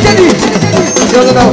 jadi jadi jangan tahu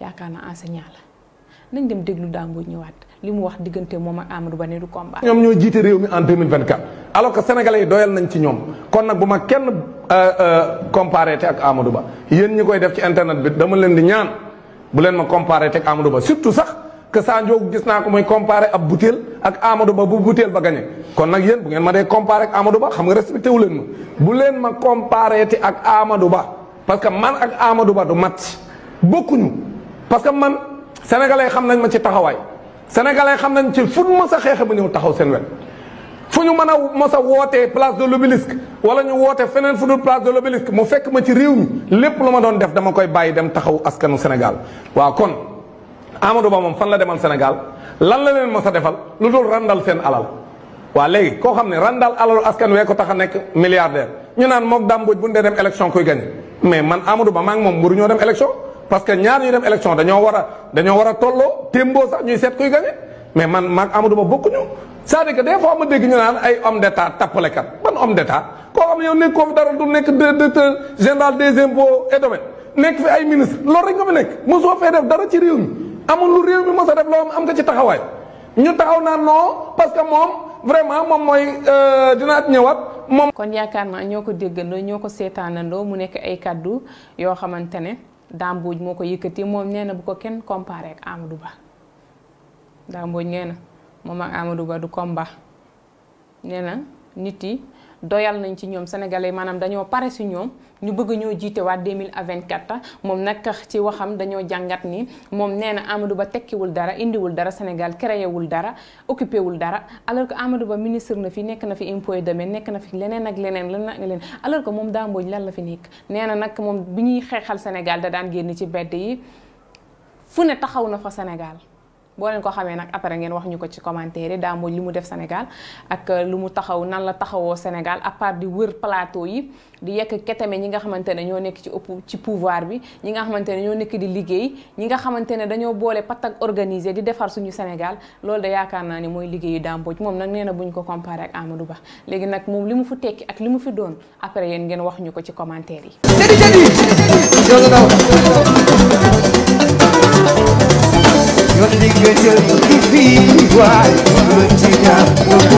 yaakaar naa enseignant la nañ dem déglu Dambou ñëwaat li mu wax diggante moom ak Amadou Ba ne du combat. ñoom ñoo jiite réew mi en 2024 alors que sénégalais yi doyal nañ ci ñoom kon nag bu ma kenn euh, euh, comparé ak Amadou Ba yéen ñi koy def ci internet bi dama leen di ñaan bu leen ma comparé te ak Amadou Ba surtout sax que saa njóog gis naa ko muy comparé ab butéel ak Amadou Ba bu butéel ba gagné. kon nag yéen bu ngeen ma dee comparé ak xam nga respecté wu leen ma bu leen ma comparé ak Amadou Ba parce que man ak amadu Ba du mat bokkuñu. parce que man sénégalais xam nañ ma ci taxawaay sénégalais xam nañ ci fu ma sa xeexee xeexe ba ñëw taxaw seen wet fu ñu mën a ma sa wootee place de l'obélisque wala ñu woote feneen fu dul place de l'obélisque mu fekk ma ci réew mi lépp lu ma doon def dama koy bàyyi dem taxaw askanu Sénégal waa kon Amadou Ba moom fan la demal Sénégal lan la leen mos a defal lu dul randal seen alal waa léegi koo xam ne randal alalu askan wee ko tax a nekk milliardaire ñu naan mook Dame Mbodj bu ñu dee dem mais man Amadou Ba maa ngi moom waruñoo dem élection parce que ñaar ñuy dem élection dañoo war a dañoo war a tolloo témboo sax ñuy seet kuy gagné mais man maag Amadou Ba bokkuñu c'est-à-dire que des fois ma dégg ñu naan ay homme d'état tappalekat ban homme d'état koo xam koo fi dara du nekk directeur général des impôts et domaines nekk fi ay ministre loolu rek nga fi def dara ci réew mi amul lu réew mi mos a def loo am nga ci taxawaay ñu taxaw naan non parce que moom. vraiment moom mooy euh, dinaa ñëwaat moom. kon yaakaar naa ñoo ko déggandoo ñoo ko seetaanandoo mu nekk ay kàddu yoo xamante ne. Dame Mbodj moo ko yëkkati moom nee na bu ko kenn comparé ak Amadou Ba Dame Mbodj nee na moom ak Amadou Ba du combat nee na nit yi doyal nañ ci ñoom sénégalais maanaam dañoo pare si ñoom ñu bëgg ñoo jiite waa 2024 moom nag ci waxam dañoo jàngat ni moom nee na Amadou Ba tekkiwul dara indiwul dara Sénégal créé wul dara occupé wul dara alors que Amadou Ba ministre na fi nekk na fi impôt domaine nekk na fi leneen ak leneen lan ak leneen alors moom Dame Mbodj lan la fi nekk nee na nag moom bi ñuy xeexal Sénégal da daan génn ci bedd yi fu ne taxaw na fa Sénégal. boo leen ko xamee nag après ngeen wax ñu ko ci commentaire yi daa mooy li mu def Sénégal ak euh, lu mu taxaw nan la taxawoo Sénégal à part di wër plateau yi di yekk ketame ñi nga xamante ne ñoo nekk ci ëpp ci pouvoir bi ñi nga xamante ne ñoo nekk di liggéey ñi nga xamante ne dañoo boole pat ak organiser di defar suñu Sénégal loolu de yaakaar naa ne mooy liggéeyu dàmbooj moom nag nee na buñ ko comparé ak Amadou Ba léegi nag moom li mu fu tekki ak li mu fi doon après yéen ngeen wax ñu ko ci commentaire yi Mwenye yo are waj Mwenye yo